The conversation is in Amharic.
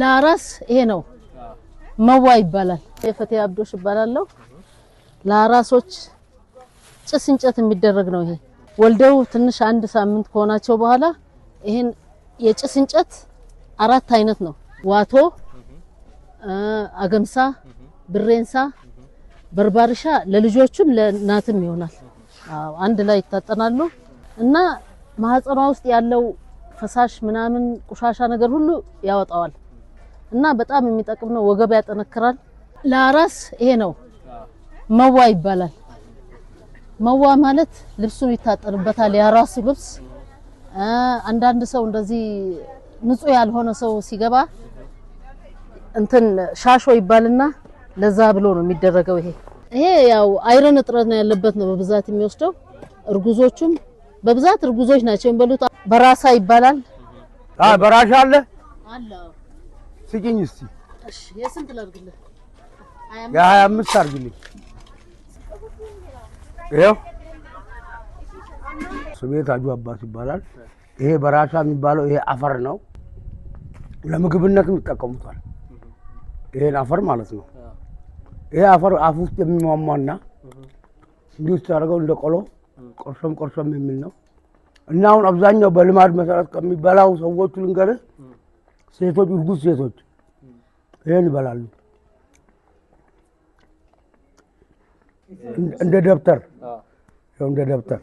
ለአራስ ይሄ ነው መዋ ይባላል። የፈቴ አብዶሽ ይባላለሁ። ለአራሶች ጭስ እንጨት የሚደረግ ነው። ይሄ ወልደው ትንሽ አንድ ሳምንት ከሆናቸው በኋላ ይሄን የጭስ እንጨት አራት አይነት ነው። ዋቶ፣ አገምሳ፣ ብሬንሳ፣ በርባርሻ ለልጆቹም ለእናትም ይሆናል። አንድ ላይ ይታጠናሉ እና ማህፀኗ ውስጥ ያለው ፈሳሽ ምናምን ቆሻሻ ነገር ሁሉ ያወጣዋል። እና በጣም የሚጠቅም ነው። ወገብ ያጠነክራል። ለአራስ ይሄ ነው መዋ ይባላል። መዋ ማለት ልብሱን ይታጠንበታል። የአራሱ ልብስ አንዳንድ ሰው እንደዚህ ንጹህ ያልሆነ ሰው ሲገባ እንትን ሻሾ ይባልና ለዛ ብሎ ነው የሚደረገው። ይሄ ይሄ ያው አይረን እጥረት ነው ያለበት ነው በብዛት የሚወስደው። እርጉዞቹም በብዛት እርጉዞች ናቸው የሚበሉት። በራሳ ይባላል። በራሻ አለ ስጪኝ እስቲ። እሺ የስንት ላድርግልህ? የሀያ አምስት አድርግልኝ። ይኸው ስሜ ታጁ ይባላል። ይሄ የሚባለው ይሄ አፈር ነው። ለምግብነት ይጠቀሙታል። ይሄን አፈር ማለት ነው። ይሄ አፈር አፍ ውስጥ የሚሟሟና እንዲህ ውስጥ አድርገው እንደ ቆሎ ቆርሶም ቆርሶም የሚል ነው እና አሁን አብዛኛው በልማድ መሰረት ከሚበላው ሰዎቹ ልንገርህ ሴቶች እርጉዝ ሴቶች ይህን ይበላሉ። እንደ ደብተር እንደ ደብተር